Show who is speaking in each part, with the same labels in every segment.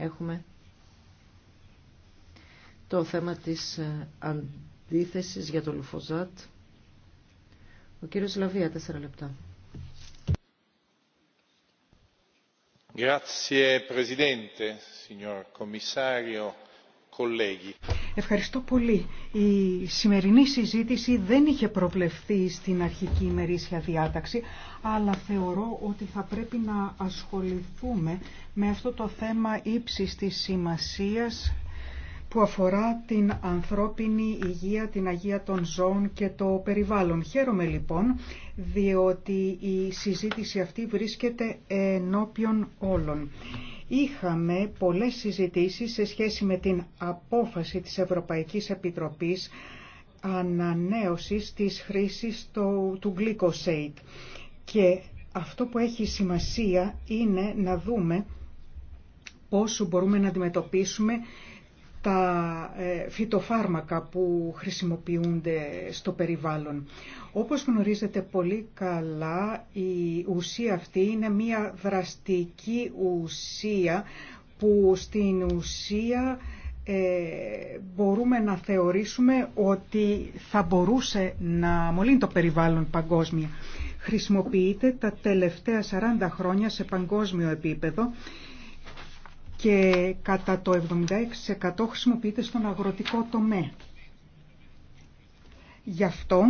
Speaker 1: έχουμε το θέμα της ε, αντίθεσης για το Λουφοζάτ. Ο κύριος Λαβία, τέσσερα λεπτά.
Speaker 2: Grazie Presidente, signor Commissario, colleghi.
Speaker 3: Ευχαριστώ πολύ. Η σημερινή συζήτηση δεν είχε προβλεφθεί στην αρχική ημερήσια διάταξη, αλλά θεωρώ ότι θα πρέπει να ασχοληθούμε με αυτό το θέμα ύψης της σημασίας που αφορά την ανθρώπινη υγεία, την αγία των ζώων και το περιβάλλον. Χαίρομαι λοιπόν, διότι η συζήτηση αυτή βρίσκεται ενώπιον όλων. Είχαμε πολλές συζητήσεις σε σχέση με την απόφαση της Ευρωπαϊκής Επιτροπής ανανέωσης της χρήσης του γλυκοσέιτ Και αυτό που έχει σημασία είναι να δούμε πόσο μπορούμε να αντιμετωπίσουμε τα ε, φυτοφάρμακα που χρησιμοποιούνται στο περιβάλλον. Όπως γνωρίζετε πολύ καλά, η ουσία αυτή είναι μια δραστική ουσία που στην ουσία ε, μπορούμε να θεωρήσουμε ότι θα μπορούσε να μολύνει το περιβάλλον παγκόσμια. Χρησιμοποιείται τα τελευταία 40 χρόνια σε παγκόσμιο επίπεδο και κατά το 76% χρησιμοποιείται στον αγροτικό τομέα. Γι' αυτό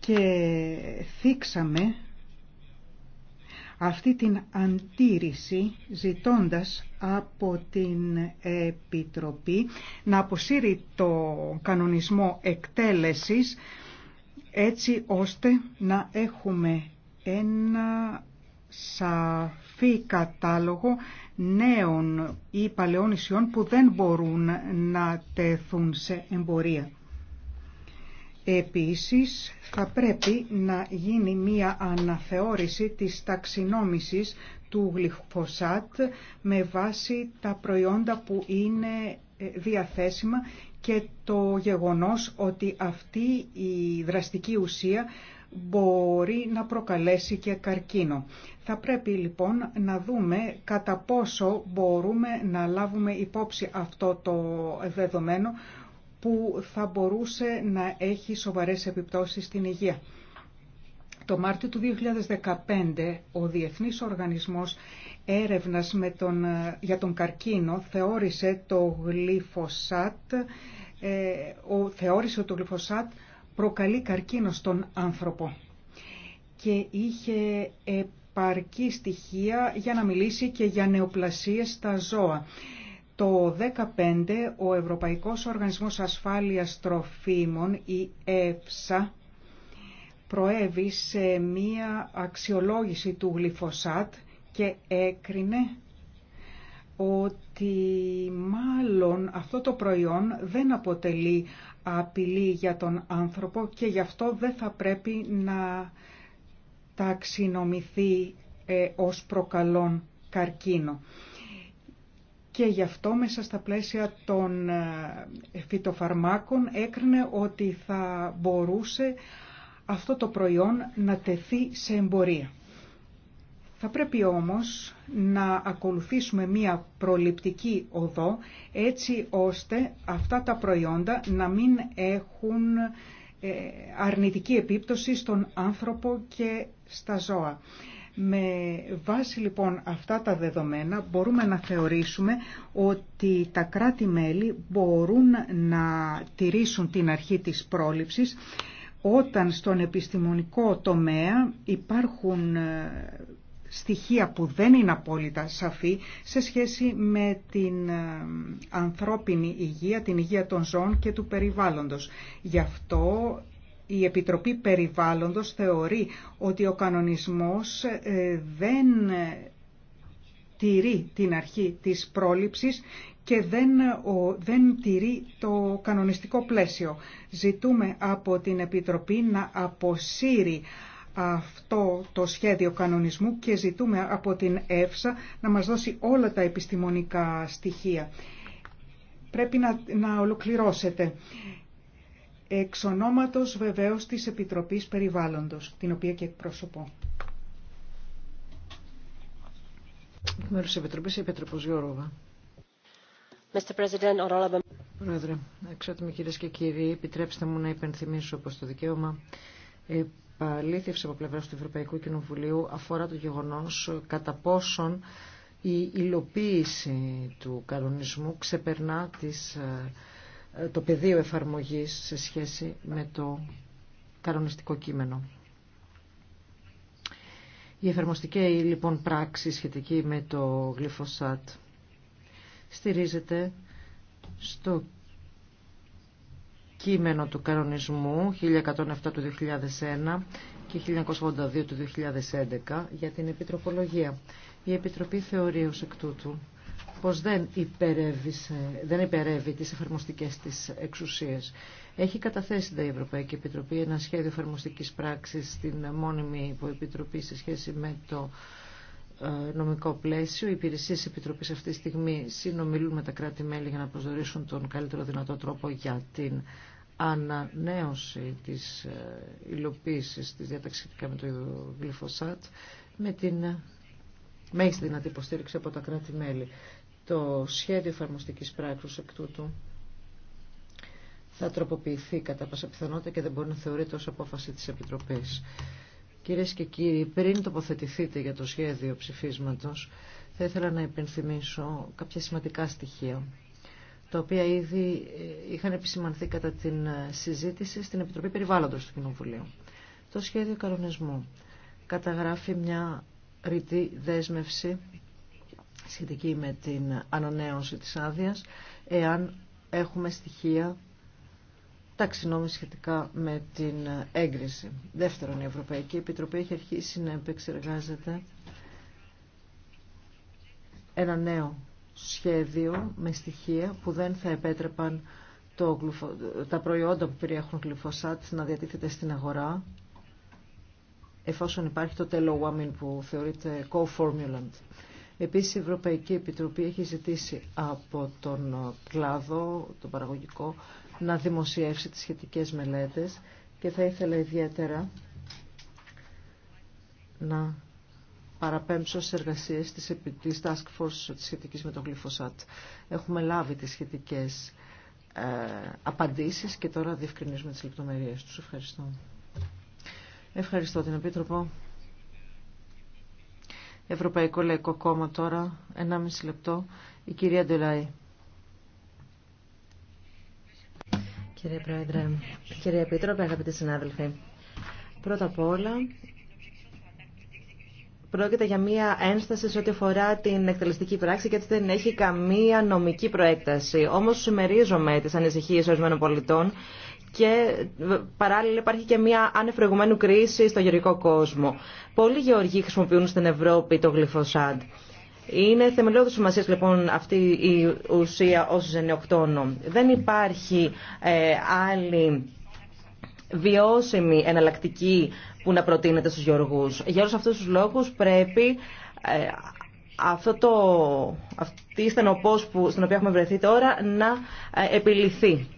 Speaker 3: και θίξαμε αυτή την αντίρρηση ζητώντας από την Επιτροπή να αποσύρει το κανονισμό εκτέλεσης έτσι ώστε να έχουμε ένα σαφή κατάλογο νέων ή παλαιών νησιών που δεν μπορούν να τεθούν σε εμπορία. Επίσης, θα πρέπει να γίνει μία αναθεώρηση της ταξινόμησης του γλυφοσάτ με βάση τα προϊόντα που είναι ε, διαθέσιμα και το γεγονός ότι αυτή η δραστική ουσία μπορεί να προκαλέσει και καρκίνο. Θα πρέπει λοιπόν να δούμε κατά πόσο μπορούμε να λάβουμε υπόψη αυτό το δεδομένο που θα μπορούσε να έχει σοβαρές επιπτώσεις στην υγεία. Το Μάρτιο του 2015 ο Διεθνής Οργανισμός Έρευνας με τον, για τον καρκίνο θεώρησε το γλυφοσάτ ε, ο, θεώρησε το γλυφοσάτ προκαλεί καρκίνο στον άνθρωπο και είχε επαρκή στοιχεία για να μιλήσει και για νεοπλασίες στα ζώα. Το 2015 ο Ευρωπαϊκός Οργανισμός Ασφάλειας Τροφίμων, η ΕΦΣΑ, προέβη μία αξιολόγηση του γλυφοσάτ και έκρινε ότι μάλλον αυτό το προϊόν δεν αποτελεί απειλή για τον άνθρωπο και γι' αυτό δεν θα πρέπει να ταξινομηθεί ε, ως προκαλών καρκίνο. Και γι' αυτό μέσα στα πλαίσια των ε, φυτοφαρμάκων έκρινε ότι θα μπορούσε αυτό το προϊόν να τεθεί σε εμπορία. Θα πρέπει όμως να ακολουθήσουμε μία προληπτική οδό έτσι ώστε αυτά τα προϊόντα να μην έχουν ε, αρνητική επίπτωση στον άνθρωπο και στα ζώα. Με βάση λοιπόν αυτά τα δεδομένα μπορούμε να θεωρήσουμε ότι τα κράτη-μέλη μπορούν να τηρήσουν την αρχή της πρόληψης όταν στον επιστημονικό τομέα υπάρχουν ε, στοιχεία που δεν είναι απόλυτα σαφή σε σχέση με την ε, ανθρώπινη υγεία, την υγεία των ζώων και του περιβάλλοντος. Γι' αυτό η Επιτροπή Περιβάλλοντος θεωρεί ότι ο κανονισμός ε, δεν ε, τηρεί την αρχή της πρόληψης και δεν, δεν τηρεί το κανονιστικό πλαίσιο. Ζητούμε από την Επιτροπή να αποσύρει αυτό το σχέδιο κανονισμού και ζητούμε από την ΕΦΣΑ να μας δώσει όλα τα επιστημονικά στοιχεία. Πρέπει να, να ολοκληρώσετε. Εξ ονόματος βεβαίως της Επιτροπής Περιβάλλοντος, την οποία και εκπροσωπώ.
Speaker 1: Μερος Επιτροπής, Πρόεδρε, κυρίες και κύριοι, επιτρέψτε μου να υπενθυμίσω πως το δικαίωμα ε, επαλήθευση από πλευρά του Ευρωπαϊκού Κοινοβουλίου αφορά το γεγονός κατά πόσον η υλοποίηση του κανονισμού ξεπερνά τις, ε, το πεδίο εφαρμογής σε σχέση με το κανονιστικό κείμενο. Η εφαρμοστική λοιπόν πράξη σχετική με το γλυφοσάτ στηρίζεται στο κείμενο του κανονισμού 1107 του 2001 και 1982 του 2011 για την επιτροπολογία. Η Επιτροπή θεωρεί ως εκ τούτου πως δεν, δεν υπερεύει τις εφαρμοστικές της εξουσίες. Έχει καταθέσει η Ευρωπαϊκή Επιτροπή ένα σχέδιο εφαρμοστικής πράξης στην μόνιμη υποεπιτροπή σε σχέση με το ε, νομικό πλαίσιο. Οι υπηρεσίε Επιτροπής αυτή τη στιγμή συνομιλούν με τα κράτη-μέλη για να προσδορίσουν τον καλύτερο δυνατό τρόπο για την ανανέωση της ε, υλοποίησης της διάταξης σχετικά με το γλυφοσάτ με την ε, μέγιστη δυνατή υποστήριξη από τα κράτη-μέλη. Το σχέδιο εφαρμοστικής πράξης εκ τούτου θα τροποποιηθεί κατά πάσα πιθανότητα και δεν μπορεί να θεωρείται ως απόφαση της Επιτροπής. Κυρίες και κύριοι, πριν τοποθετηθείτε για το σχέδιο ψηφίσματος, θα ήθελα να υπενθυμίσω κάποια σημαντικά στοιχεία τα οποία ήδη ε, είχαν επισημανθεί κατά την ε, συζήτηση στην Επιτροπή Περιβάλλοντος του Κοινοβουλίου. Το σχέδιο κανονισμού καταγράφει μια ρητή δέσμευση σχετική με την ανανέωση της άδεια, εάν έχουμε στοιχεία ταξινόμη σχετικά με την ε, έγκριση. Δεύτερον, η Ευρωπαϊκή Επιτροπή έχει αρχίσει να επεξεργάζεται ένα νέο σχέδιο με στοιχεία που δεν θα επέτρεπαν το τα προϊόντα που περιέχουν γλυφοσάτ να διατίθεται στην αγορά εφόσον υπάρχει το τελοουάμιν που θεωρείται co-formulant. Επίσης η Ευρωπαϊκή Επιτροπή έχει ζητήσει από τον κλάδο, το παραγωγικό, να δημοσιεύσει τις σχετικές μελέτες και θα ήθελα ιδιαίτερα να παραπέμψω στι εργασίε τη Task Force τη σχετική με τον γλυφοσάτ. Έχουμε λάβει τι σχετικέ ε, απαντήσει και τώρα διευκρινίζουμε τι λεπτομέρειε του. Ευχαριστώ. Ευχαριστώ την Επίτροπο. Ευρωπαϊκό Λαϊκό Κόμμα τώρα, 1,5 λεπτό, η κυρία Ντελάη. Κύριε Πρόεδρε, κύριε Επίτροπε,
Speaker 2: αγαπητοί συνάδελφοι, πρώτα απ' όλα Πρόκειται για μία ένσταση σε ό,τι αφορά την εκτελεστική πράξη, και έτσι δεν έχει καμία νομική προέκταση. Όμω, συμμερίζομαι τι ανησυχίε ορισμένων πολιτών και παράλληλα υπάρχει και μία ανεφρεγουμένου κρίση στο γεωργικό κόσμο. Πολλοί γεωργοί χρησιμοποιούν στην Ευρώπη το γλυφοσάντ. Είναι θεμελιώδη σημασία λοιπόν αυτή η ουσία ω ζενιοκτόνο. Δεν υπάρχει ε, άλλη βιώσιμη εναλλακτική που να προτείνεται στους γεωργούς. Για όλους αυτούς τους λόγους πρέπει ε, αυτό το, αυτή η στενοπός που, στην οποία έχουμε βρεθεί τώρα να ε, επιληθεί.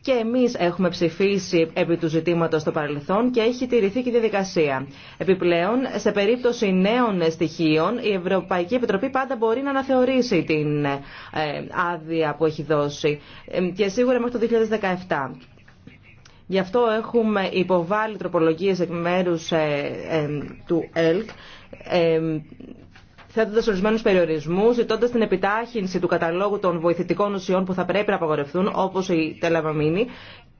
Speaker 2: Και εμεί έχουμε ψηφίσει επί του ζητήματο στο παρελθόν και έχει τηρηθεί και η διαδικασία. Επιπλέον, σε περίπτωση νέων στοιχείων, η Ευρωπαϊκή Επιτροπή πάντα μπορεί να αναθεωρήσει την ε, άδεια που έχει δώσει. Και σίγουρα μέχρι το 2017. Γι' αυτό έχουμε υποβάλει τροπολογίες εκ μέρους ε, ε, του ΕΛΚ ε, θέτοντα ορισμένου περιορισμού, ζητώντα την επιτάχυνση του καταλόγου των βοηθητικών ουσιών που θα πρέπει να απαγορευτούν, όπω η τελαβαμίνη,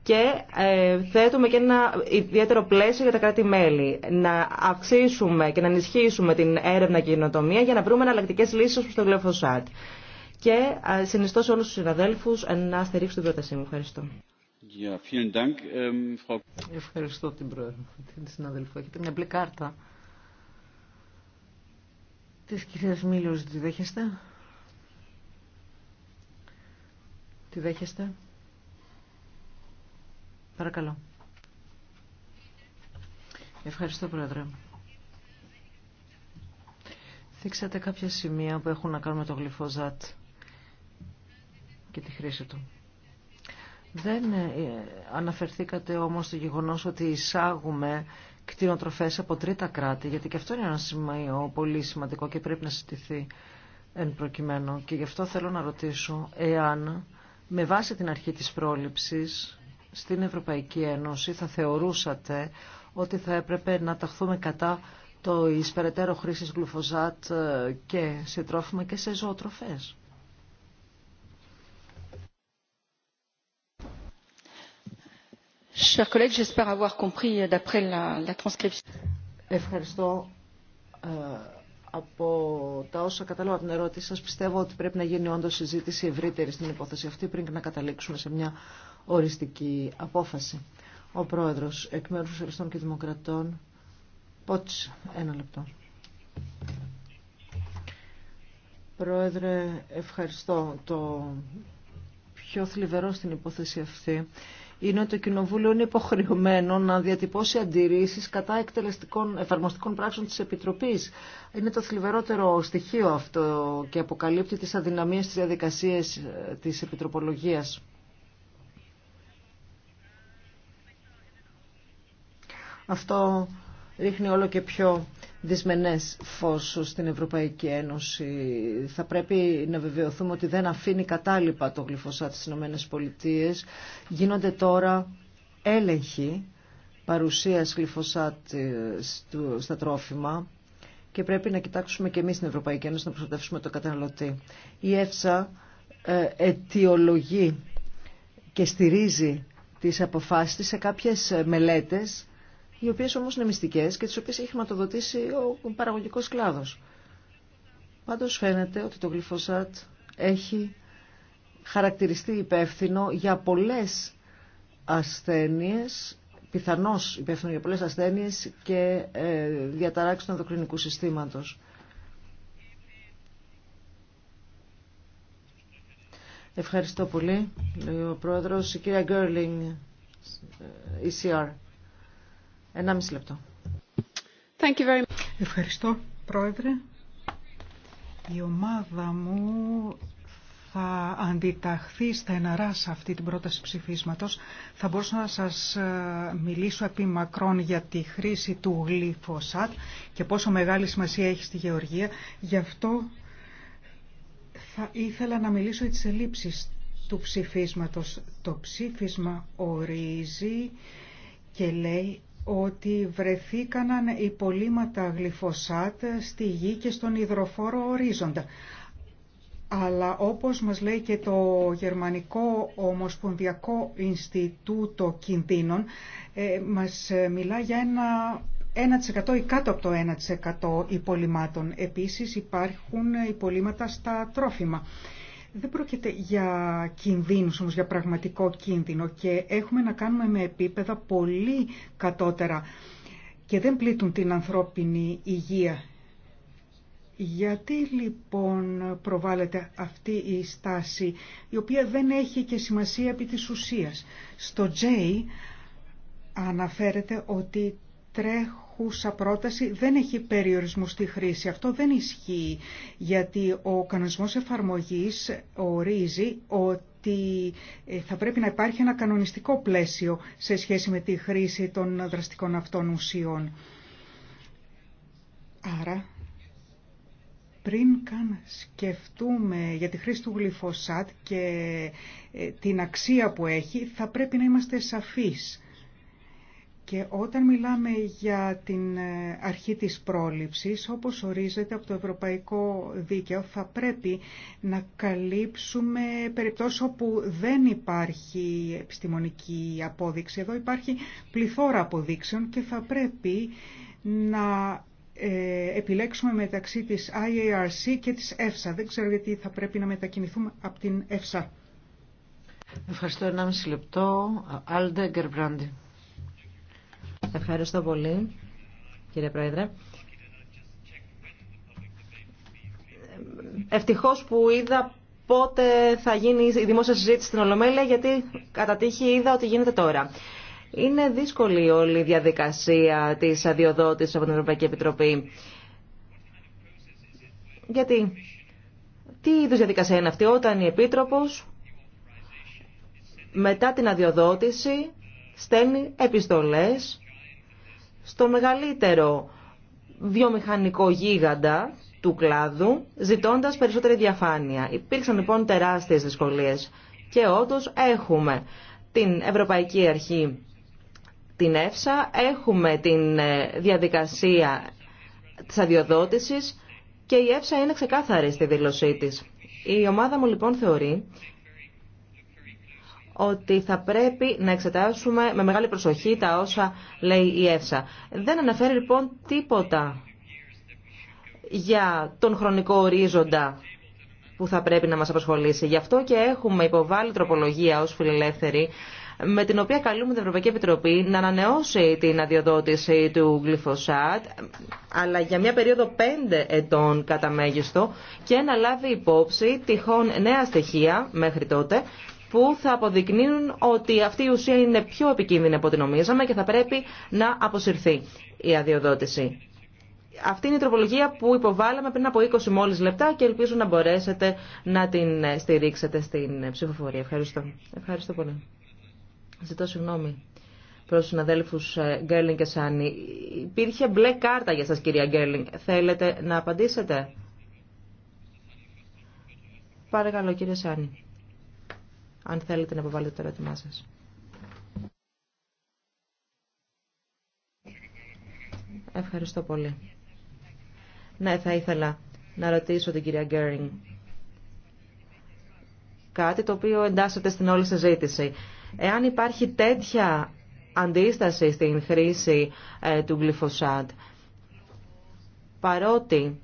Speaker 2: και ε, θέτουμε και ένα ιδιαίτερο πλαίσιο για τα κράτη-μέλη. Να αυξήσουμε και να ενισχύσουμε την έρευνα και κοινοτομία για να βρούμε εναλλακτικέ λύσει προ το γλυφοσάτ. Και ε, συνιστώ σε όλου του συναδέλφου να στηρίξουν
Speaker 1: την πρότασή μου. Ευχαριστώ.
Speaker 3: Ähm,
Speaker 1: Ευχαριστώ την Πρόεδρο, την συναδελφό. Έχετε μια μπλε κάρτα της κυρίας Μίλιος. Τη δέχεστε? Τη δέχεστε? Παρακαλώ. Ευχαριστώ, Πρόεδρε. Δείξατε κάποια σημεία που έχουν να κάνουν με το γλυφοζάτ και τη χρήση του. Δεν ε, αναφερθήκατε όμως στο γεγονός ότι εισάγουμε κτηνοτροφές από τρίτα κράτη, γιατί και αυτό είναι ένα σημείο πολύ σημαντικό και πρέπει να συζητηθεί εν προκειμένου. Και γι' αυτό θέλω να ρωτήσω εάν με βάση την αρχή της πρόληψης στην Ευρωπαϊκή Ένωση θα θεωρούσατε ότι θα έπρεπε να ταχθούμε κατά το περαιτέρω χρήσης γλουφοζάτ ε, και σε τρόφιμα και σε ζωοτροφές. j'espère avoir compris euh, d'après la, transcription. Ευχαριστώ. Ε, από τα όσα κατάλαβα την ερώτηση σας, πιστεύω ότι πρέπει να γίνει όντως συζήτηση ευρύτερη στην υπόθεση αυτή πριν να καταλήξουμε σε μια οριστική απόφαση. Ο Πρόεδρος, εκ μέρους Σοσιαλιστών και Δημοκρατών, Πότς, ένα λεπτό. Πρόεδρε, ευχαριστώ. Το πιο θλιβερό στην υπόθεση αυτή είναι ότι το Κοινοβούλιο είναι υποχρεωμένο να διατυπώσει αντιρρήσει κατά εκτελεστικών εφαρμοστικών πράξεων τη επιτροπή. Είναι το θλιβερότερο στοιχείο αυτό και αποκαλύπτει τις αδυναμίες τη διαδικασία ε, της Επιτροπολογίας. Αυτό ρίχνει όλο και πιο δυσμενές φως στην Ευρωπαϊκή Ένωση. Θα πρέπει να βεβαιωθούμε ότι δεν αφήνει κατάλοιπα το γλυφοσάτ στις ΗΠΑ. Γίνονται τώρα έλεγχοι παρουσίας γλυφοσάτ στα τρόφιμα και πρέπει να κοιτάξουμε και εμείς στην Ευρωπαϊκή Ένωση να προστατεύσουμε το καταναλωτή. Η ΕΦΣΑ ε, αιτιολογεί και στηρίζει τις αποφάσεις σε κάποιες μελέτες οι οποίε όμως είναι μυστικέ και τι οποίες έχει χρηματοδοτήσει ο παραγωγικός κλάδος. Πάντω φαίνεται ότι το γλυφοσάτ έχει χαρακτηριστεί υπεύθυνο για πολλές ασθένειες, πιθανώ υπεύθυνο για πολλέ ασθένειε και ε, διαταράξει του ενδοκρινικού συστήματος. Ευχαριστώ πολύ, λέει ο Πρόεδρος. Η κυρία Γκέρλινγκ, ECR. Ε, μισή λεπτό.
Speaker 3: Thank you very Ευχαριστώ, Πρόεδρε. Η ομάδα μου θα αντιταχθεί στεναρά σε αυτή την πρόταση ψηφίσματος. Θα μπορούσα να σας ε, μιλήσω επί μακρόν για τη χρήση του γλυφοσάτ και πόσο μεγάλη σημασία έχει στη γεωργία. Γι' αυτό θα ήθελα να μιλήσω για τις ελλείψεις του ψηφίσματος. Το ψήφισμα ορίζει και λέει ότι βρεθήκαναν υπολείμματα γλυφοσάτ στη γη και στον υδροφόρο ορίζοντα. Αλλά όπως μας λέει και το Γερμανικό Ομοσπονδιακό Ινστιτούτο Κινδύνων, ε, μας μιλά για ένα 1% ή κάτω από το 1% υπολείμματων. Επίσης υπάρχουν υπολείμματα στα τρόφιμα. Δεν πρόκειται για κινδύνους όμως, για πραγματικό κίνδυνο και έχουμε να κάνουμε με επίπεδα πολύ κατώτερα και δεν πλήττουν την ανθρώπινη υγεία. Γιατί λοιπόν προβάλλεται αυτή η στάση η οποία δεν έχει και σημασία επί της ουσίας. Στο J αναφέρεται ότι τρέχουν σαν πρόταση δεν έχει περιορισμού στη χρήση. Αυτό δεν ισχύει γιατί ο κανονισμός εφαρμογής ορίζει ότι ε, θα πρέπει να υπάρχει ένα κανονιστικό πλαίσιο σε σχέση με τη χρήση των δραστικών αυτών ουσιών. Άρα, πριν καν σκεφτούμε για τη χρήση του γλυφοσάτ και ε, την αξία που έχει, θα πρέπει να είμαστε σαφείς και όταν μιλάμε για την ε, αρχή της πρόληψης, όπως ορίζεται από το Ευρωπαϊκό Δίκαιο, θα πρέπει να καλύψουμε περιπτώσεις όπου δεν υπάρχει επιστημονική απόδειξη. Εδώ υπάρχει πληθώρα αποδείξεων και θα πρέπει να ε, επιλέξουμε μεταξύ της IARC και
Speaker 1: της EFSA. Δεν ξέρω γιατί θα πρέπει
Speaker 3: να μετακινηθούμε από την EFSA.
Speaker 1: Ευχαριστώ. 1,5 λεπτό. Άλντε Ευχαριστώ πολύ, κύριε Πρόεδρε.
Speaker 2: Ευτυχώς που είδα πότε θα γίνει η δημόσια συζήτηση στην Ολομέλεια, γιατί κατά τύχη είδα ότι γίνεται τώρα. Είναι δύσκολη όλη η διαδικασία της αδειοδότησης από την Ευρωπαϊκή Επιτροπή. Γιατί, τι είδους διαδικασία είναι αυτή όταν η Επίτροπος μετά την αδειοδότηση στέλνει επιστολές στο μεγαλύτερο βιομηχανικό γίγαντα του κλάδου, ζητώντας περισσότερη διαφάνεια. Υπήρξαν λοιπόν τεράστιες δυσκολίες και όντω έχουμε την Ευρωπαϊκή Αρχή την ΕΦΣΑ, έχουμε την ε, διαδικασία της αδειοδότησης και η ΕΦΣΑ είναι ξεκάθαρη στη δήλωσή της. Η ομάδα μου λοιπόν θεωρεί ότι θα πρέπει να εξετάσουμε με μεγάλη προσοχή τα όσα λέει η ΕΦΣΑ. Δεν αναφέρει λοιπόν τίποτα για τον χρονικό ορίζοντα που θα πρέπει να μας απασχολήσει. Γι' αυτό και έχουμε υποβάλει τροπολογία ως φιλελεύθεροι, με την οποία καλούμε την Ευρωπαϊκή Επιτροπή να ανανεώσει την αδειοδότηση του γλυφοσάτ αλλά για μια περίοδο 5 ετών κατά μέγιστο και να λάβει υπόψη τυχόν νέα στοιχεία μέχρι τότε που θα αποδεικνύουν ότι αυτή η ουσία είναι πιο επικίνδυνη από ό,τι νομίζαμε και θα πρέπει να αποσυρθεί η αδειοδότηση. Αυτή είναι η τροπολογία που υποβάλαμε πριν από 20 μόλις λεπτά και ελπίζω να μπορέσετε να την στηρίξετε στην ψηφοφορία. Ευχαριστώ. Ευχαριστώ πολύ. Ζητώ συγγνώμη προς τους συναδέλφους ε, Γκέρλινγκ και Σάνι. Υπήρχε μπλε κάρτα για σας κυρία Γκέρλινγκ. Θέλετε να απαντήσετε. Παρακαλώ κύριε Σάνι αν θέλετε να αποβάλλετε το ερώτημά σα, Ευχαριστώ πολύ. Ναι, θα ήθελα να ρωτήσω την κυρία Γκέρινγκ κάτι το οποίο εντάσσεται στην όλη συζήτηση. Εάν υπάρχει τέτοια αντίσταση στην χρήση ε, του γλυφοσάτ, παρότι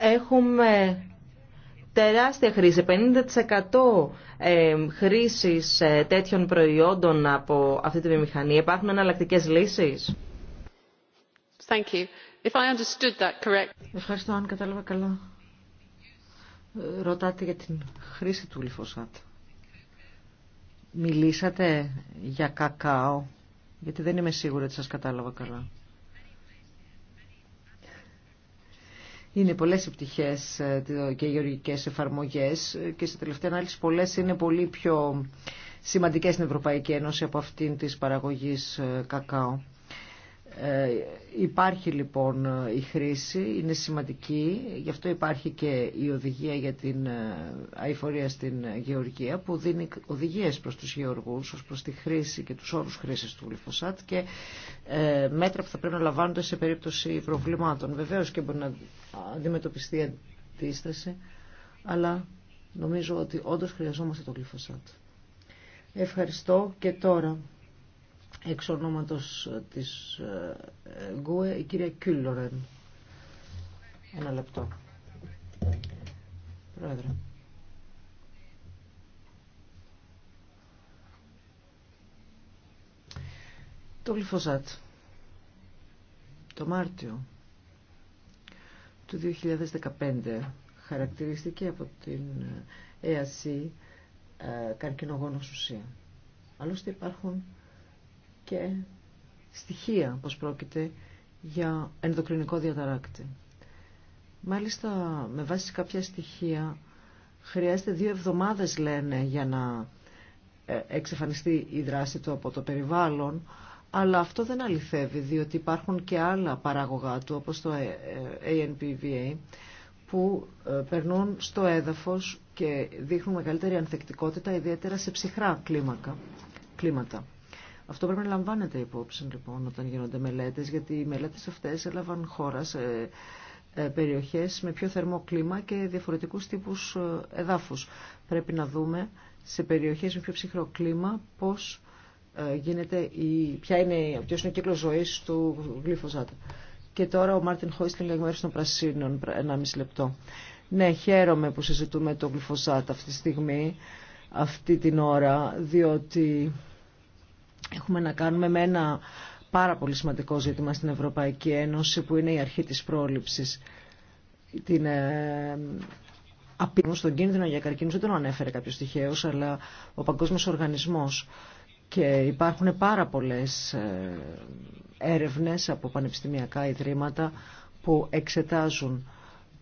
Speaker 2: έχουμε τεράστια χρήση, 50% ε, χρήσης ε, τέτοιων προϊόντων από αυτή τη βιομηχανία. Υπάρχουν εναλλακτικέ λύσεις.
Speaker 1: Ευχαριστώ, αν κατάλαβα καλά. Ρωτάτε για την χρήση του λιφοσάτ. Μιλήσατε για κακάο, γιατί δεν είμαι σίγουρη ότι σας κατάλαβα καλά. Είναι πολλές οι ε, και οι γεωργικές εφαρμογές ε, και σε τελευταία ανάλυση πολλέ είναι πολύ πιο σημαντικές στην Ευρωπαϊκή Ένωση από αυτήν τη παραγωγής ε, κακάο. Ε, υπάρχει λοιπόν ε, η χρήση, είναι σημαντική, γι' αυτό υπάρχει και η οδηγία για την ε, αηφορία στην γεωργία που δίνει οδηγίες προς τους γεωργούς ως προς τη χρήση και τους όρους χρήσης του γλυφοσάτ και μέτρα που θα πρέπει να λαμβάνονται σε περίπτωση προβλημάτων. Βεβαίως και μπορεί να αντιμετωπιστεί αντίσταση, αλλά νομίζω ότι όντως χρειαζόμαστε το γλυφοσάτ. Ευχαριστώ και τώρα εξ ονόματος της ε, ΓΟΕ, η κυρία Κιούλορεν. Ένα λεπτό. Πρόεδρε. Το γλυφοζάτ. Το Μάρτιο του 2015 χαρακτηρίστηκε από την ΕΑΣΥ ε, καρκινογόνος ουσία. Άλλωστε υπάρχουν και στοιχεία πως πρόκειται για ενδοκρινικό διαταράκτη. Μάλιστα με βάση κάποια στοιχεία χρειάζεται δύο εβδομάδες λένε για να ε, εξαφανιστεί η δράση του από το περιβάλλον αλλά αυτό δεν αληθεύει διότι υπάρχουν και άλλα παράγωγά του όπως το ANPVA ε, ε, που περνούν στο έδαφος και δείχνουν μεγαλύτερη ανθεκτικότητα ιδιαίτερα σε ψυχρά κλίμακα, κλίματα. Αυτό πρέπει να λαμβάνεται υπόψη λοιπόν όταν γίνονται μελέτες, γιατί οι μελέτες αυτές έλαβαν χώρα σε ε, περιοχές με πιο θερμό κλίμα και διαφορετικούς τύπους ε, εδάφους. Πρέπει να δούμε σε περιοχές με πιο ψυχρό κλίμα πώς ε, γίνεται η, ποια είναι, ποιος είναι ο κύκλος ζωής του γλυφοσάτ. Και τώρα ο Μάρτιν Χόιστιν λέει μέρος των πρασίνων, 1,5 λεπτό. Ναι, χαίρομαι που συζητούμε το γλυφοζάτ αυτή τη στιγμή, αυτή την ώρα, διότι Έχουμε να κάνουμε με ένα πάρα πολύ σημαντικό ζήτημα στην Ευρωπαϊκή Ένωση που είναι η αρχή της πρόληψης. Την ε, στον κίνδυνο για καρκίνους δεν τον ανέφερε κάποιος τυχαίος, αλλά ο Παγκόσμιος Οργανισμός. Και υπάρχουν πάρα πολλές ε, έρευνες από πανεπιστημιακά ιδρύματα που εξετάζουν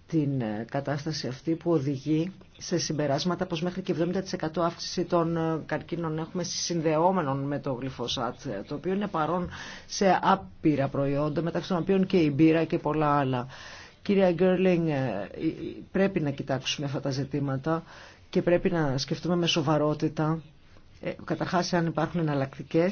Speaker 1: την ε, κατάσταση αυτή που οδηγεί σε συμπεράσματα πως μέχρι και 70% αύξηση των ε, καρκίνων έχουμε συνδεόμενων με το γλυφοσάτ, ε, το οποίο είναι παρόν σε άπειρα προϊόντα, μεταξύ των οποίων και η μπύρα και πολλά άλλα. Κυρία Γκέρλινγκ, πρέπει να κοιτάξουμε αυτά τα ζητήματα και πρέπει να σκεφτούμε με σοβαρότητα, καταρχάς αν υπάρχουν εναλλακτικέ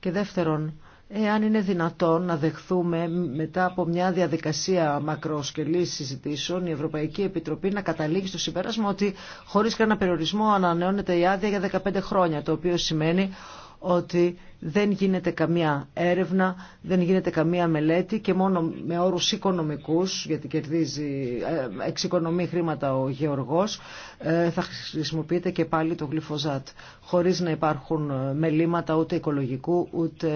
Speaker 1: και δεύτερον, εάν είναι δυνατόν να δεχθούμε μετά από μια διαδικασία μακροσκελής συζητήσεων η Ευρωπαϊκή Επιτροπή να καταλήγει στο συμπέρασμα ότι χωρίς κανένα περιορισμό ανανεώνεται η άδεια για 15 χρόνια, το οποίο σημαίνει ότι δεν γίνεται καμία έρευνα, δεν γίνεται καμία μελέτη και μόνο με όρους οικονομικούς, γιατί κερδίζει, ε, εξοικονομεί χρήματα ο Γεωργός, ε, θα χρησιμοποιείται και πάλι το γλυφοζάτ, χωρίς να υπάρχουν ε, μελήματα ούτε οικολογικού, ούτε,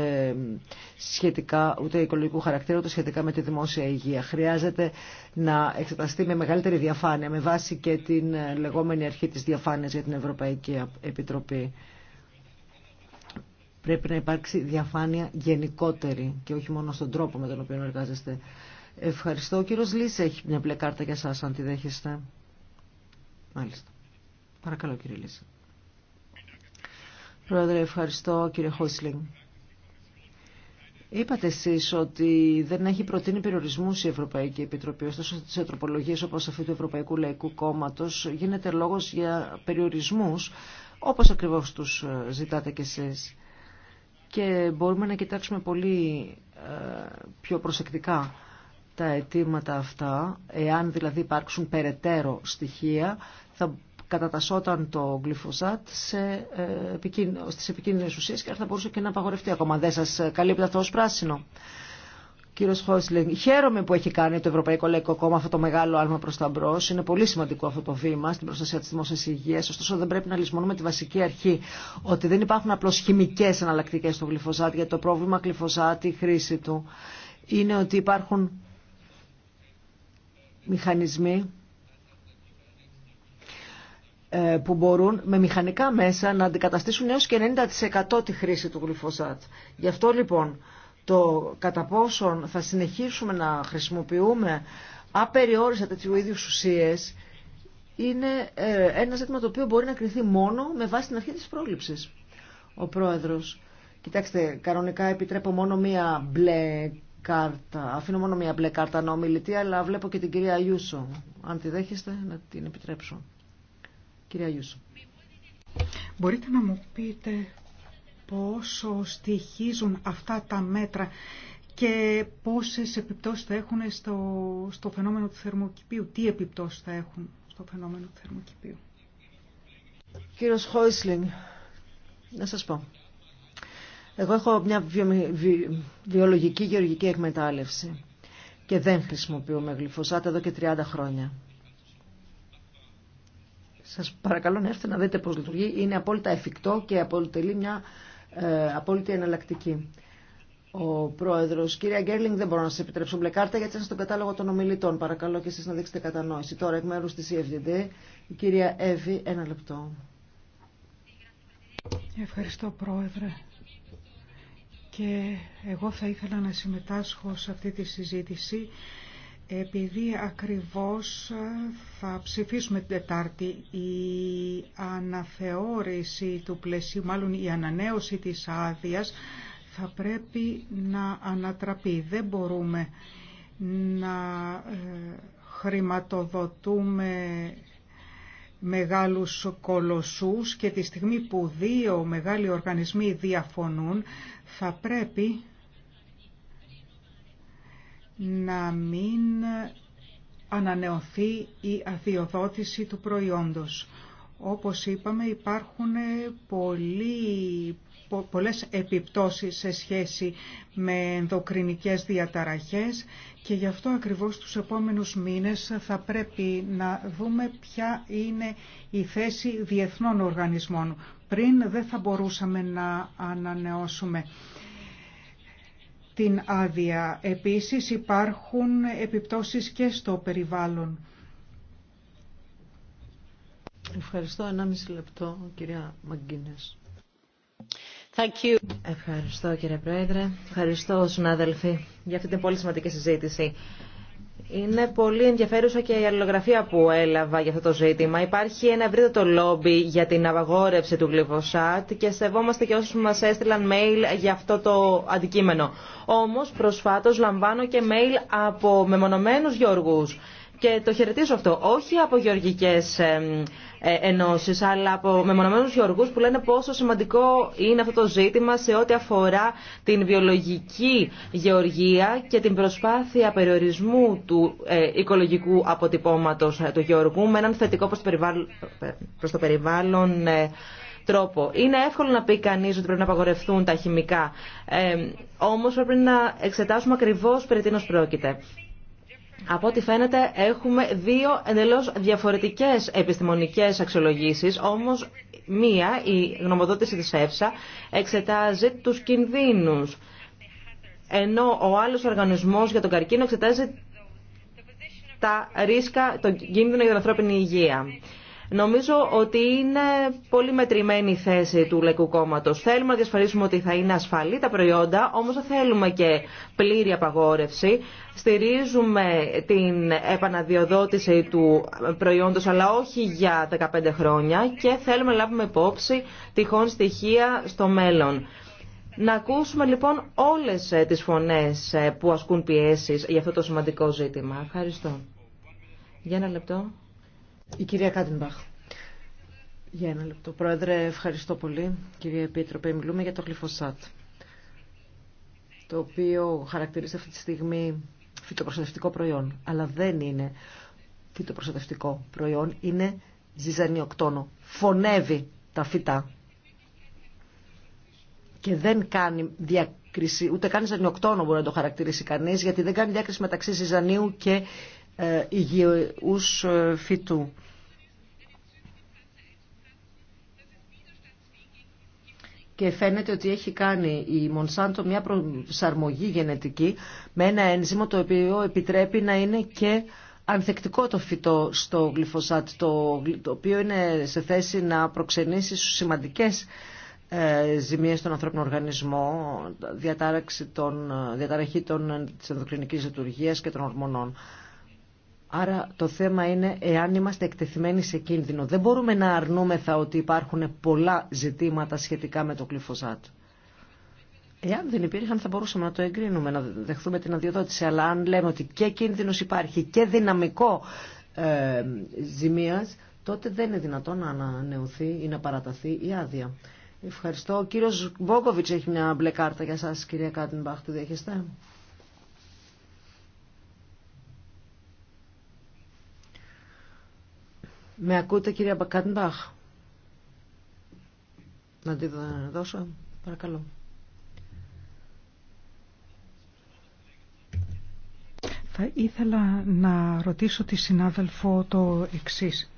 Speaker 1: σχετικά, ούτε οικολογικού χαρακτήρα, ούτε σχετικά με τη δημόσια υγεία. Χρειάζεται να εξεταστεί με μεγαλύτερη διαφάνεια, με βάση και την λεγόμενη αρχή της διαφάνειας για την Ευρωπαϊκή Επιτροπή πρέπει να υπάρξει διαφάνεια γενικότερη και όχι μόνο στον τρόπο με τον οποίο εργάζεστε. Ευχαριστώ. Ο κύριος Λύση έχει μια μπλε κάρτα για σας αν τη δέχεστε. Μάλιστα. Παρακαλώ κύριε Λύση. Πρόεδρε, ευχαριστώ κύριε Χόισλινγκ. Είπατε εσεί ότι δεν έχει προτείνει περιορισμού η Ευρωπαϊκή Επιτροπή. Ωστόσο, στι τροπολογίε όπω αυτή του Ευρωπαϊκού Λαϊκού Κόμματο γίνεται λόγο για περιορισμού, όπω ακριβώ του ε, ζητάτε κι εσεί και μπορούμε να κοιτάξουμε πολύ ε, πιο προσεκτικά τα αιτήματα αυτά, εάν δηλαδή υπάρξουν περαιτέρω στοιχεία, θα κατατασσόταν το γλυφοζάτ σε, ε, επικίν, στις επικίνδυνες ουσίες και θα μπορούσε και να απαγορευτεί ακόμα. Δεν σας καλύπτει αυτό ως πράσινο. Κύριο Χόισλινγκ, χαίρομαι που έχει κάνει το Ευρωπαϊκό Λαϊκό Κόμμα αυτό το μεγάλο άλμα προ τα μπρο. Είναι πολύ σημαντικό αυτό το βήμα στην προστασία τη δημόσια υγεία. Ωστόσο, δεν πρέπει να λησμονούμε τη βασική αρχή ότι δεν υπάρχουν απλώ χημικέ εναλλακτικέ στο γλυφοζάτι. Γιατί το πρόβλημα γλυφοζάτι, η χρήση του, είναι ότι υπάρχουν μηχανισμοί ε, που μπορούν με μηχανικά μέσα να αντικαταστήσουν έως και 90% τη χρήση του γλυφοζάτ. Γι' αυτό λοιπόν το κατά πόσον θα συνεχίσουμε να χρησιμοποιούμε απεριόριστα τέτοιου είδου ουσίε είναι ε, ένα ζήτημα το οποίο μπορεί να κρυθεί μόνο με βάση την αρχή τη πρόληψη, Ο πρόεδρο. κοιτάξτε, κανονικά επιτρέπω μόνο μία μπλε κάρτα, αφήνω μόνο μία μπλε κάρτα να ομιλητεί, αλλά βλέπω και την κυρία Ιούσο. Αν τη δέχεστε, να την επιτρέψω. Κυρία Ιούσο.
Speaker 3: Μπορείτε να μου πείτε πόσο στοιχίζουν αυτά τα μέτρα και πόσες επιπτώσεις θα έχουν στο, στο φαινόμενο του θερμοκηπίου. Τι επιπτώσεις θα έχουν στο φαινόμενο του θερμοκηπίου.
Speaker 1: Κύριος Χόισλινγκ, να σας πω. Εγώ έχω μια βιολογική γεωργική εκμετάλλευση και δεν χρησιμοποιούμε γλυφοσάτα εδώ και 30 χρόνια. Σας παρακαλώ να έρθετε να δείτε πώς λειτουργεί. Είναι απόλυτα εφικτό και αποτελεί μια ε, απόλυτη εναλλακτική. Ο πρόεδρο, κυρία Γκέρλινγκ, δεν μπορώ να σα επιτρέψω μπλε κάρτα γιατί είσαι στον κατάλογο των ομιλητών. Παρακαλώ και εσεί να δείξετε κατανόηση. Τώρα εκ μέρου τη EFDD, η κυρία Εύη, ένα λεπτό.
Speaker 3: Ευχαριστώ, πρόεδρε. Και εγώ θα ήθελα να συμμετάσχω σε αυτή τη συζήτηση επειδή ακριβώς ε, θα ψηφίσουμε την Τετάρτη η αναθεώρηση του πλαισίου, μάλλον η ανανέωση της άδειας θα πρέπει να ανατραπεί. Δεν μπορούμε να ε, χρηματοδοτούμε μεγάλους κολοσσούς και τη στιγμή που δύο μεγάλοι οργανισμοί διαφωνούν θα πρέπει να μην ανανεωθεί η αδειοδότηση του προϊόντος. Όπως είπαμε υπάρχουν πολύ πολλές επιπτώσεις σε σχέση με ενδοκρινικές διαταραχές και γι' αυτό ακριβώς τους επόμενους μήνες θα πρέπει να δούμε ποια είναι η θέση διεθνών οργανισμών. Πριν δεν θα μπορούσαμε να ανανεώσουμε την άδεια. Επίσης υπάρχουν επιπτώσεις και στο
Speaker 1: περιβάλλον. Ευχαριστώ. Ένα μισή λεπτό, κυρία Μαγκίνες.
Speaker 2: Thank you. Ευχαριστώ κύριε Πρόεδρε. Ευχαριστώ συνάδελφοι για αυτή την πολύ σημαντική συζήτηση. Είναι πολύ ενδιαφέρουσα και η αλληλογραφία που έλαβα για αυτό το ζήτημα. Υπάρχει ένα ευρύτατο λόμπι για την απαγόρευση του γλυφοσάτ και σεβόμαστε και όσους μας έστειλαν mail για αυτό το αντικείμενο. Όμως προσφάτως λαμβάνω και mail από μεμονωμένους Γιώργους και το χαιρετίζω αυτό, όχι από γεωργικές ε, αλλά από μεμονωμένου γεωργού που λένε πόσο σημαντικό είναι αυτό το ζήτημα σε ό,τι αφορά την βιολογική γεωργία και την προσπάθεια περιορισμού του ε, οικολογικού αποτυπώματος ε, του γεωργού με έναν θετικό προς το περιβάλλον τρόπο. Είναι εύκολο να πει κανεί ότι πρέπει να απαγορευτούν τα χημικά. Ε, Όμω πρέπει να εξετάσουμε ακριβώ περί τίνο πρόκειται. Από ό,τι φαίνεται έχουμε δύο εντελώς διαφορετικές επιστημονικές αξιολογήσεις, όμως μία, η γνωμοδότηση της ΕΦΣΑ, εξετάζει τους κινδύνους, ενώ ο άλλος οργανισμός για τον καρκίνο εξετάζει τα ρίσκα, τον κίνδυνο για την ανθρώπινη υγεία. Νομίζω ότι είναι πολύ μετρημένη η θέση του Λαϊκού Κόμματο. Θέλουμε να διασφαλίσουμε ότι θα είναι ασφαλή τα προϊόντα, όμω δεν θέλουμε και πλήρη απαγόρευση. Στηρίζουμε την επαναδιοδότηση του προϊόντος, αλλά όχι για 15 χρόνια και θέλουμε να λάβουμε υπόψη τυχόν στοιχεία στο μέλλον. Να ακούσουμε λοιπόν όλες ε, τις φωνές ε, που ασκούν πιέσεις για αυτό το σημαντικό ζήτημα. Ευχαριστώ.
Speaker 1: Για ένα λεπτό. Η κυρία Κατενμπάχ. Για ένα λεπτό. Πρόεδρε, ευχαριστώ πολύ. Κυρία Επίτροπε, μιλούμε για το γλυφοσάτ, το οποίο χαρακτηρίζει αυτή τη στιγμή φυτοπροστατευτικό προϊόν, αλλά δεν είναι φυτοπροστατευτικό προϊόν, είναι ζυζανιοκτόνο. Φωνεύει τα φυτά και δεν κάνει διακρίση, ούτε κάνει ζυζανιοκτόνο μπορεί να το χαρακτηρίσει κανείς, γιατί δεν κάνει διάκριση μεταξύ ζυζανίου και ε, υγιούς ε, φυτού. και φαίνεται ότι έχει κάνει η Μονσάντο μια προσαρμογή γενετική με ένα ένζυμο το οποίο επιτρέπει να είναι και ανθεκτικό το φυτό στο γλυφοσάτ το, οποίο είναι σε θέση να προξενήσει σημαντικές ε, ζημίες στον ανθρώπινο οργανισμό, διαταραχή των, της ενδοκρινικής λειτουργίας και των ορμονών. Άρα το θέμα είναι εάν είμαστε εκτεθειμένοι σε κίνδυνο. Δεν μπορούμε να αρνούμεθα ότι υπάρχουν πολλά ζητήματα σχετικά με το κλειφοζάτ. Εάν δεν υπήρχαν θα μπορούσαμε να το εγκρίνουμε, να δεχθούμε την αδειοδότηση. Αλλά αν λέμε ότι και κίνδυνος υπάρχει και δυναμικό ε, ζημίας, τότε δεν είναι δυνατόν να ανανεωθεί ή να παραταθεί η άδεια. Ευχαριστώ. Ο κύριος Μπόκοβιτς έχει μια μπλε κάρτα για σας, κυρία Κάτινμπαχ. Τη δέχεστε. Με ακούτε κυρία Μπακάντμπαχ. Να τη δώσω. Παρακαλώ.
Speaker 3: Θα ήθελα να ρωτήσω τη συνάδελφο το εξής.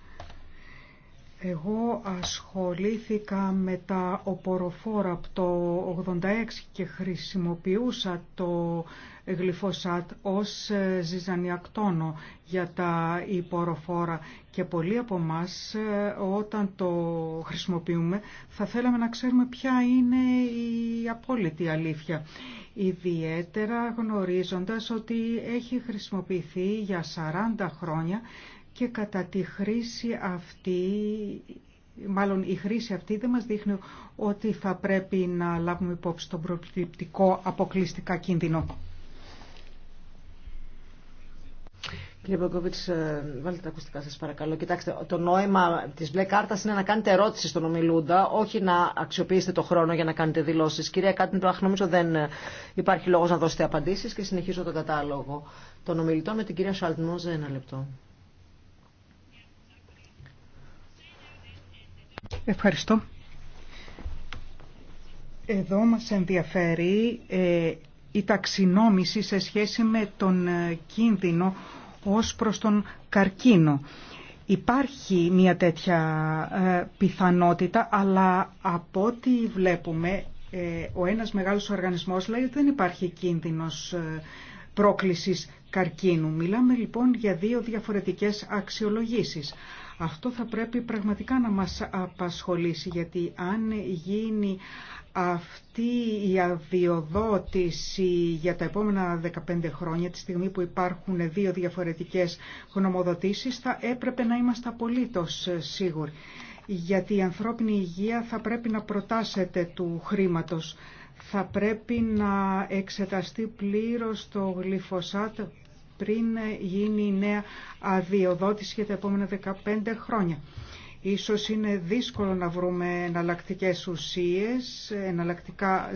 Speaker 3: Εγώ ασχολήθηκα με τα οποροφόρα από το 86 και χρησιμοποιούσα το γλυφοσάτ ως ε, ζυζανιακτόνο για τα υποροφόρα και πολλοί από εμά ε, όταν το χρησιμοποιούμε θα θέλαμε να ξέρουμε ποια είναι η απόλυτη αλήθεια. Ιδιαίτερα γνωρίζοντας ότι έχει χρησιμοποιηθεί για 40 χρόνια και κατά τη χρήση αυτή, μάλλον η χρήση αυτή δεν μας δείχνει ότι θα πρέπει να λάβουμε υπόψη τον προληπτικό αποκλειστικά κίνδυνο.
Speaker 1: Κύριε Μπογκοβίτ, ε, βάλτε τα ακουστικά σα παρακαλώ. Κοιτάξτε, το νόημα τη μπλε κάρτα είναι να κάνετε ερώτηση στον ομιλούντα, όχι να αξιοποιήσετε το χρόνο για να κάνετε δηλώσει. Κυρία Κάτιντραχ, νομίζω δεν ε, υπάρχει λόγο να δώσετε απαντήσει και συνεχίζω τον κατάλογο των ομιλητών με την κυρία Σαλτμόζε ένα λεπτό.
Speaker 3: Ευχαριστώ. Εδώ μας ενδιαφέρει ε, η ταξινόμηση σε σχέση με τον ε, κίνδυνο ως προς τον καρκίνο. Υπάρχει μια τέτοια ε, πιθανότητα, αλλά από ό,τι βλέπουμε ο ένας μεγάλος οργανισμός λέει ότι δεν υπάρχει κίνδυνος πρόκλησης καρκίνου. Μιλάμε λοιπόν για δύο διαφορετικές αξιολογήσεις. Αυτό θα πρέπει πραγματικά να μας απασχολήσει γιατί αν γίνει αυτή η αδειοδότηση για τα επόμενα 15 χρόνια, τη στιγμή που υπάρχουν δύο διαφορετικές γνωμοδοτήσεις, θα έπρεπε να είμαστε απολύτως σίγουροι. Γιατί η ανθρώπινη υγεία θα πρέπει να προτάσεται του χρήματος. Θα πρέπει να εξεταστεί πλήρως το γλυφοσάτ πριν γίνει η νέα αδειοδότηση για τα επόμενα 15 χρόνια. Ίσως είναι δύσκολο να βρούμε εναλλακτικέ ουσίες, εναλλακτικά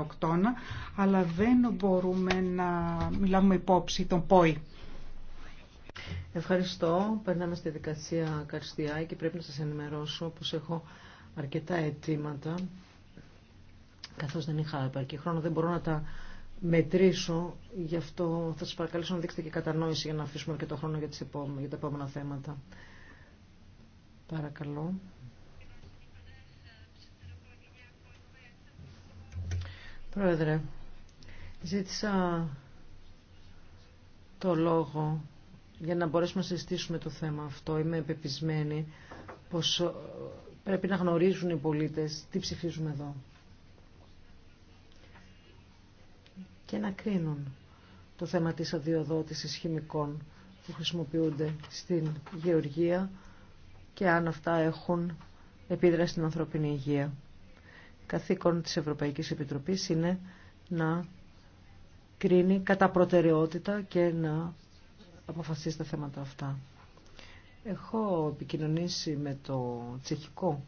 Speaker 3: οκτώνα, αλλά δεν μπορούμε να
Speaker 1: μιλάμε υπόψη των ΠΟΗ. Ευχαριστώ. Περνάμε στη δικασία Καρστιάη και πρέπει να σας ενημερώσω πως έχω αρκετά αιτήματα καθώς δεν είχα επαρκή χρόνο δεν μπορώ να τα μετρήσω, γι' αυτό θα σας παρακαλέσω να δείξετε και κατανόηση για να αφήσουμε και το χρόνο για, τις επόμενες, για τα επόμενα θέματα. Παρακαλώ. Πρόεδρε, ζήτησα το λόγο για να μπορέσουμε να συζητήσουμε το θέμα αυτό. Είμαι επεπισμένη πως πρέπει να γνωρίζουν οι πολίτες τι ψηφίζουμε εδώ. και να κρίνουν το θέμα της αδειοδότησης χημικών που χρησιμοποιούνται στην γεωργία και αν αυτά έχουν επίδραση στην ανθρωπινή υγεία. Καθήκον της Ευρωπαϊκής Επιτροπής είναι να κρίνει κατά προτεραιότητα και να αποφασίσει τα θέματα αυτά. Έχω επικοινωνήσει με το τσεχικό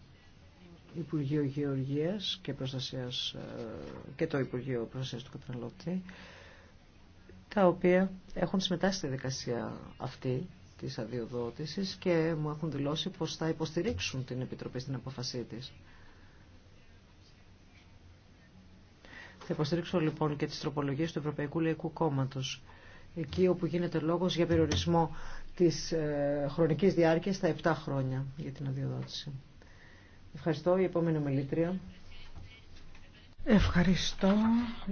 Speaker 1: Υπουργείο Γεωργίας και, ε, και το Υπουργείο Προστασίας του Καταναλώτη, τα οποία έχουν συμμετάσχει στη δικασία αυτή της αδειοδότησης και μου έχουν δηλώσει πως θα υποστηρίξουν την Επιτροπή στην αποφασή της. Θα υποστηρίξω λοιπόν και τις τροπολογίες του Ευρωπαϊκού Λαϊκού Κόμματος. Εκεί όπου γίνεται λόγος για περιορισμό της ε, χρονικής διάρκειας στα 7 χρόνια για την αδειοδότηση. Ευχαριστώ. Η επόμενη μελήτρια.
Speaker 3: Ευχαριστώ,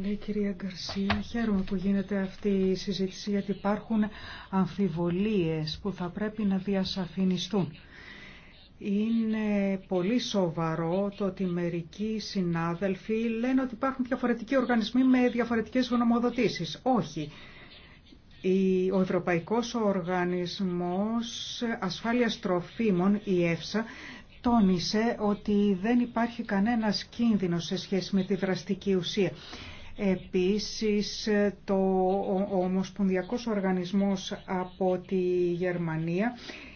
Speaker 3: λέει κυρία Γκαρσία. Χαίρομαι που γίνεται αυτή η συζήτηση γιατί υπάρχουν αμφιβολίες που θα πρέπει να διασαφινιστούν. Είναι πολύ σοβαρό το ότι μερικοί συνάδελφοι λένε ότι υπάρχουν διαφορετικοί οργανισμοί με διαφορετικές γνωμοδοτήσεις. Όχι. Ο Ευρωπαϊκός Οργανισμός Ασφάλειας Τροφίμων, η ΕΦΣΑ, τόνισε ότι δεν υπάρχει κανένας κίνδυνος σε σχέση με τη δραστική ουσία. Επίσης, το, ο Ομοσπονδιακός Οργανισμός από τη Γερμανία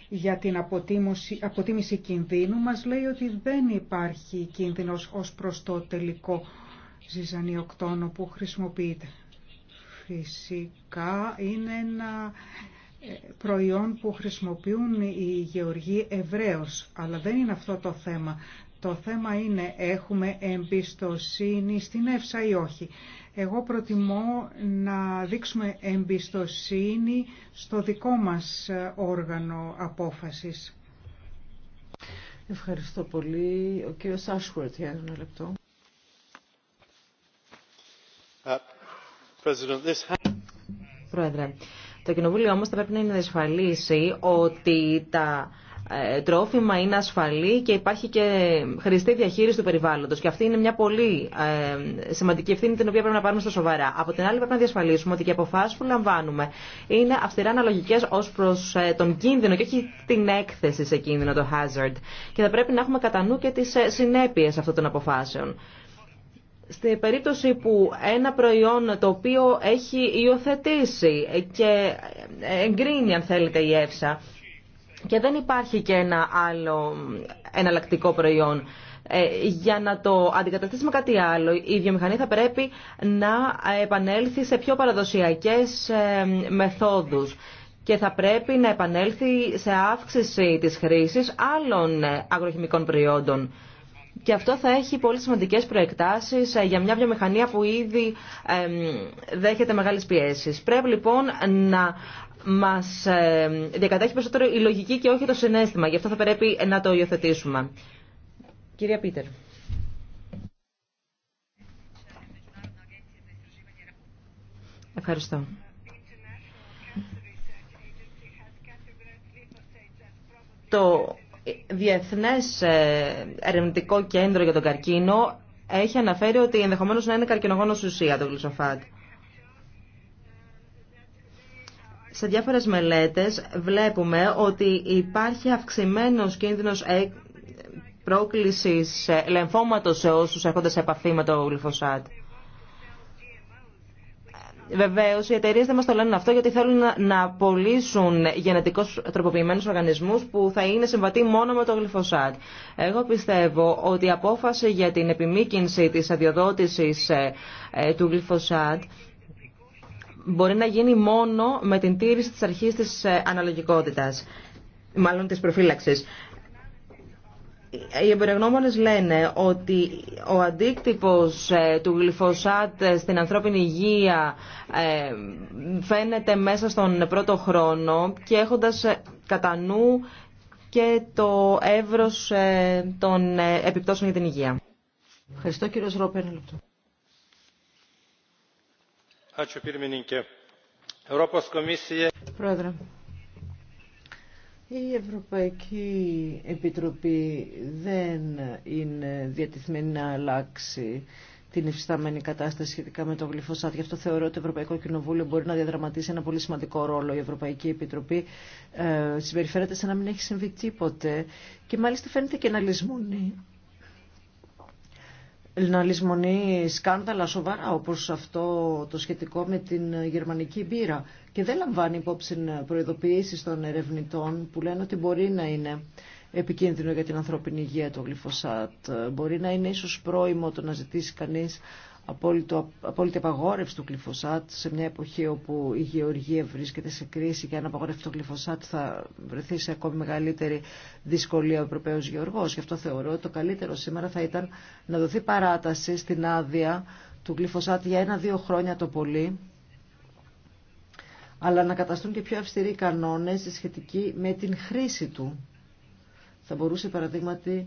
Speaker 3: για την αποτίμηση, αποτίμηση κινδύνου μας λέει ότι δεν υπάρχει κίνδυνος ως προς το τελικό ζυζανιοκτόνο που χρησιμοποιείται. Φυσικά είναι ένα προϊόν που χρησιμοποιούν οι γεωργοί ευρέως, αλλά δεν είναι αυτό το θέμα. Το θέμα είναι έχουμε εμπιστοσύνη στην ΕΦΣΑ ή όχι. Εγώ προτιμώ να δείξουμε εμπιστοσύνη στο δικό μας ε, όργανο απόφασης. Ευχαριστώ πολύ.
Speaker 2: Ο κύριος Ashworth, για ένα λεπτό. Uh, Πρόεδρε, το Κοινοβούλιο όμως θα πρέπει να είναι διασφαλίσει ότι τα ε, τρόφιμα είναι ασφαλή και υπάρχει και χρηστή διαχείριση του περιβάλλοντο. Και αυτή είναι μια πολύ ε, σημαντική ευθύνη την οποία πρέπει να πάρουμε στα σοβαρά. Από την άλλη, πρέπει να διασφαλίσουμε ότι και οι αποφάσει που λαμβάνουμε είναι αυστηρά αναλογικέ ω προ ε, τον κίνδυνο και όχι την έκθεση σε κίνδυνο, το hazard. Και θα πρέπει να έχουμε κατά νου και τι συνέπειε αυτών των αποφάσεων. Στην περίπτωση που ένα προϊόν το οποίο έχει υιοθετήσει και εγκρίνει αν θέλετε η ΕΦΣΑ και δεν υπάρχει και ένα άλλο εναλλακτικό προϊόν, ε, για να το αντικαταστήσουμε κάτι άλλο, η βιομηχανή θα πρέπει να επανέλθει σε πιο παραδοσιακές ε, μεθόδους και θα πρέπει να επανέλθει σε αύξηση της χρήσης άλλων ε, αγροχημικών προϊόντων και αυτό θα έχει πολύ σημαντικές προεκτάσεις ε, για μια βιομηχανία που ήδη δέχεται μεγάλες πιέσεις. Πρέπει λοιπόν να μας ε, διακατέχει περισσότερο η λογική και όχι το συνέστημα. Γι' αυτό θα πρέπει να το υιοθετήσουμε. Κυρία Πίτερ. Ευχαριστώ. Το Διεθνές ε, Ερευνητικό Κέντρο για τον Καρκίνο έχει αναφέρει ότι ενδεχομένως να είναι καρκινογόνος ουσία το γλυσοφάτ. Σε διάφορες μελέτες βλέπουμε ότι υπάρχει αυξημένος κίνδυνος ε, πρόκλησης ε, λεμφώματος σε όσους έρχονται σε επαφή με το γλυφοσάτ. Βεβαίω, οι εταιρείε δεν μα το λένε αυτό γιατί θέλουν να απολύσουν γενετικώ τροποποιημένου οργανισμού που θα είναι συμβατοί μόνο με το γλυφοσάτ. Εγώ πιστεύω ότι η απόφαση για την επιμήκυνση τη αδειοδότηση ε, ε, του γλυφοσάτ μπορεί να γίνει μόνο με την τήρηση της αρχής της ε, αναλογικότητας, μάλλον της προφύλαξη οι εμπειρογνώμονες λένε ότι ο αντίκτυπος ε, του γλυφοσάτ ε, στην ανθρώπινη υγεία ε, φαίνεται μέσα στον πρώτο χρόνο και έχοντας κατά νου και το εύρος των επιπτώσεων για την υγεία. Ευχαριστώ
Speaker 1: η Ευρωπαϊκή Επιτροπή δεν είναι διατηθμένη να αλλάξει την υφιστάμενη κατάσταση σχετικά με το γλυφοσάτ. Γι' αυτό θεωρώ ότι το Ευρωπαϊκό Κοινοβούλιο μπορεί να διαδραματίσει ένα πολύ σημαντικό ρόλο. Η Ευρωπαϊκή Επιτροπή ε, συμπεριφέρεται σαν να μην έχει συμβεί τίποτε και μάλιστα φαίνεται και να λησμονεί να λησμονεί σκάνδαλα σοβαρά όπως αυτό το σχετικό με την γερμανική μπύρα και δεν λαμβάνει υπόψη προειδοποιήσεις των ερευνητών που λένε ότι μπορεί να είναι επικίνδυνο για την ανθρώπινη υγεία το γλυφοσάτ. Μπορεί να είναι ίσως πρόημο το να ζητήσει κανείς απόλυτο, απόλυτη απαγόρευση του κλειφοσάτ σε μια εποχή όπου η γεωργία βρίσκεται σε κρίση και αν απαγορεύσει το κλειφοσάτ θα βρεθεί σε ακόμη μεγαλύτερη δυσκολία ο Ευρωπαίος Γεωργός. Γι' αυτό θεωρώ ότι το καλύτερο σήμερα θα ήταν να δοθεί παράταση στην άδεια του κλειφοσάτ για ένα-δύο χρόνια το πολύ αλλά να καταστούν και πιο αυστηροί κανόνες σχετικοί με την χρήση του. Θα μπορούσε παραδείγματι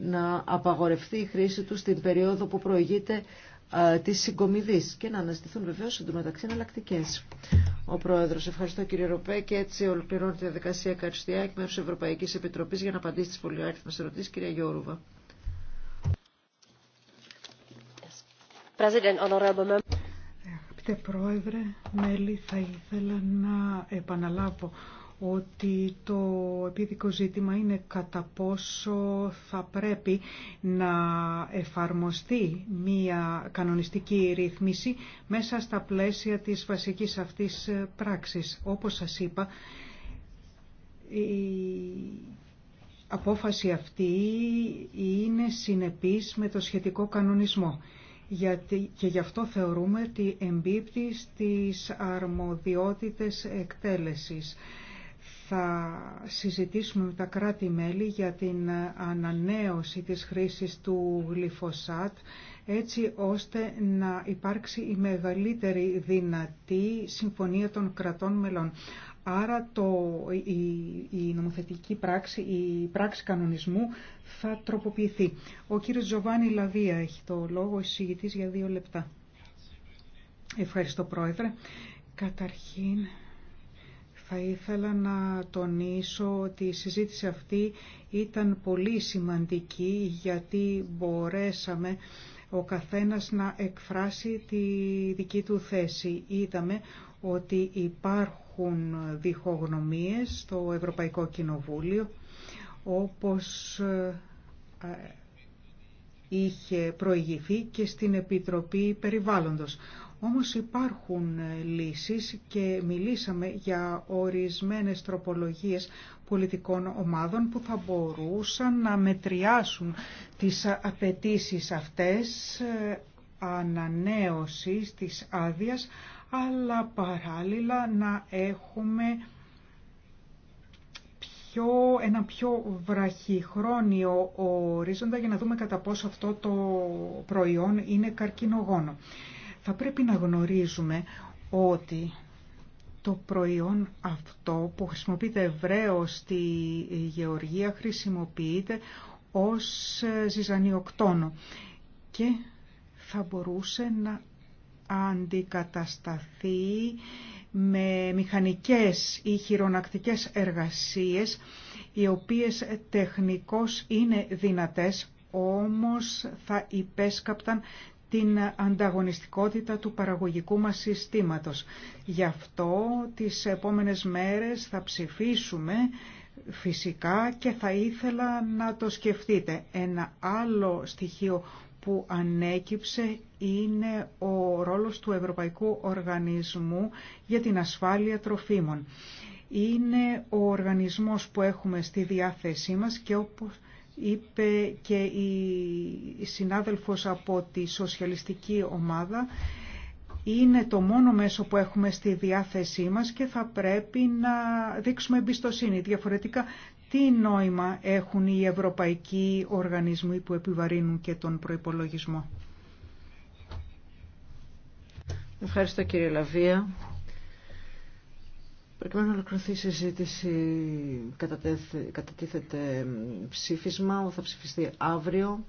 Speaker 1: να απαγορευτεί η χρήση του στην περίοδο που προηγείται τη συγκομιδής και να αναστηθούν βεβαίω εντωμεταξύ εναλλακτικέ. Ο Πρόεδρος, ευχαριστώ κύριε Ροπέ και έτσι ολοκληρώνεται τη διαδικασία Καριστιά εκ μέρου Ευρωπαϊκής Επιτροπής για να απαντήσει στις πολυάριθμε ερωτήσει, κυρία Γιώρουβα. Αγαπητέ
Speaker 3: Πρόεδρε, μέλη, θα ήθελα να επαναλάβω ότι το επίδικο ζήτημα είναι κατά πόσο θα πρέπει να εφαρμοστεί μία κανονιστική ρύθμιση μέσα στα πλαίσια της βασικής αυτής πράξης. Όπως σας είπα, η απόφαση αυτή είναι συνεπής με το σχετικό κανονισμό γιατί, και γι' αυτό θεωρούμε ότι εμπίπτει στις αρμοδιότητες εκτέλεσης θα συζητήσουμε με τα κράτη-μέλη για την ανανέωση της χρήσης του γλυφοσάτ έτσι ώστε να υπάρξει η μεγαλύτερη δυνατή συμφωνία των κρατών μελών. Άρα το, η, η νομοθετική πράξη, η πράξη κανονισμού θα τροποποιηθεί. Ο κύριος Τζοβάνι Λαβία έχει το λόγο, εισηγητής για δύο λεπτά. Ευχαριστώ Πρόεδρε. Καταρχήν θα ήθελα να τονίσω ότι η συζήτηση αυτή ήταν πολύ σημαντική γιατί μπορέσαμε ο καθένας να εκφράσει τη δική του θέση. Είδαμε ότι υπάρχουν διχογνωμίες στο Ευρωπαϊκό Κοινοβούλιο όπως ε, ε, είχε προηγηθεί και στην Επιτροπή Περιβάλλοντος. Όμως υπάρχουν ε, λύσεις και μιλήσαμε για ορισμένες τροπολογίες πολιτικών ομάδων που θα μπορούσαν να μετριάσουν τις ε, απαιτήσει αυτές ε, ανανέωσης της άδεια, αλλά παράλληλα να έχουμε ένα πιο βραχυχρόνιο ορίζοντα για να δούμε κατά πόσο αυτό το προϊόν είναι καρκινογόνο. Θα πρέπει να γνωρίζουμε ότι το προϊόν αυτό που χρησιμοποιείται ευρέως στη γεωργία χρησιμοποιείται ως ζυζανιοκτόνο και θα μπορούσε να αντικατασταθεί με μηχανικές ή χειρονακτικές εργασίες οι οποίες τεχνικώς είναι δυνατές όμως θα υπέσκαπταν την ανταγωνιστικότητα του παραγωγικού μας συστήματος. Γι' αυτό τις επόμενες μέρες θα ψηφίσουμε φυσικά και θα ήθελα να το σκεφτείτε. Ένα άλλο στοιχείο που ανέκυψε είναι ο ρόλος του Ευρωπαϊκού Οργανισμού για την Ασφάλεια Τροφίμων. Είναι ο οργανισμός που έχουμε στη διάθεσή μας και όπως είπε και η συνάδελφος από τη σοσιαλιστική ομάδα, είναι το μόνο μέσο που έχουμε στη διάθεσή μας και θα πρέπει να δείξουμε εμπιστοσύνη. Διαφορετικά, τι νόημα έχουν οι ευρωπαϊκοί οργανισμοί που επιβαρύνουν και τον προϋπολογισμό.
Speaker 1: Ευχαριστώ κύριε Λαβία. Προκειμένου να ολοκληρωθεί η συζήτηση, κατατίθεται ψήφισμα, θα ψηφιστεί αύριο.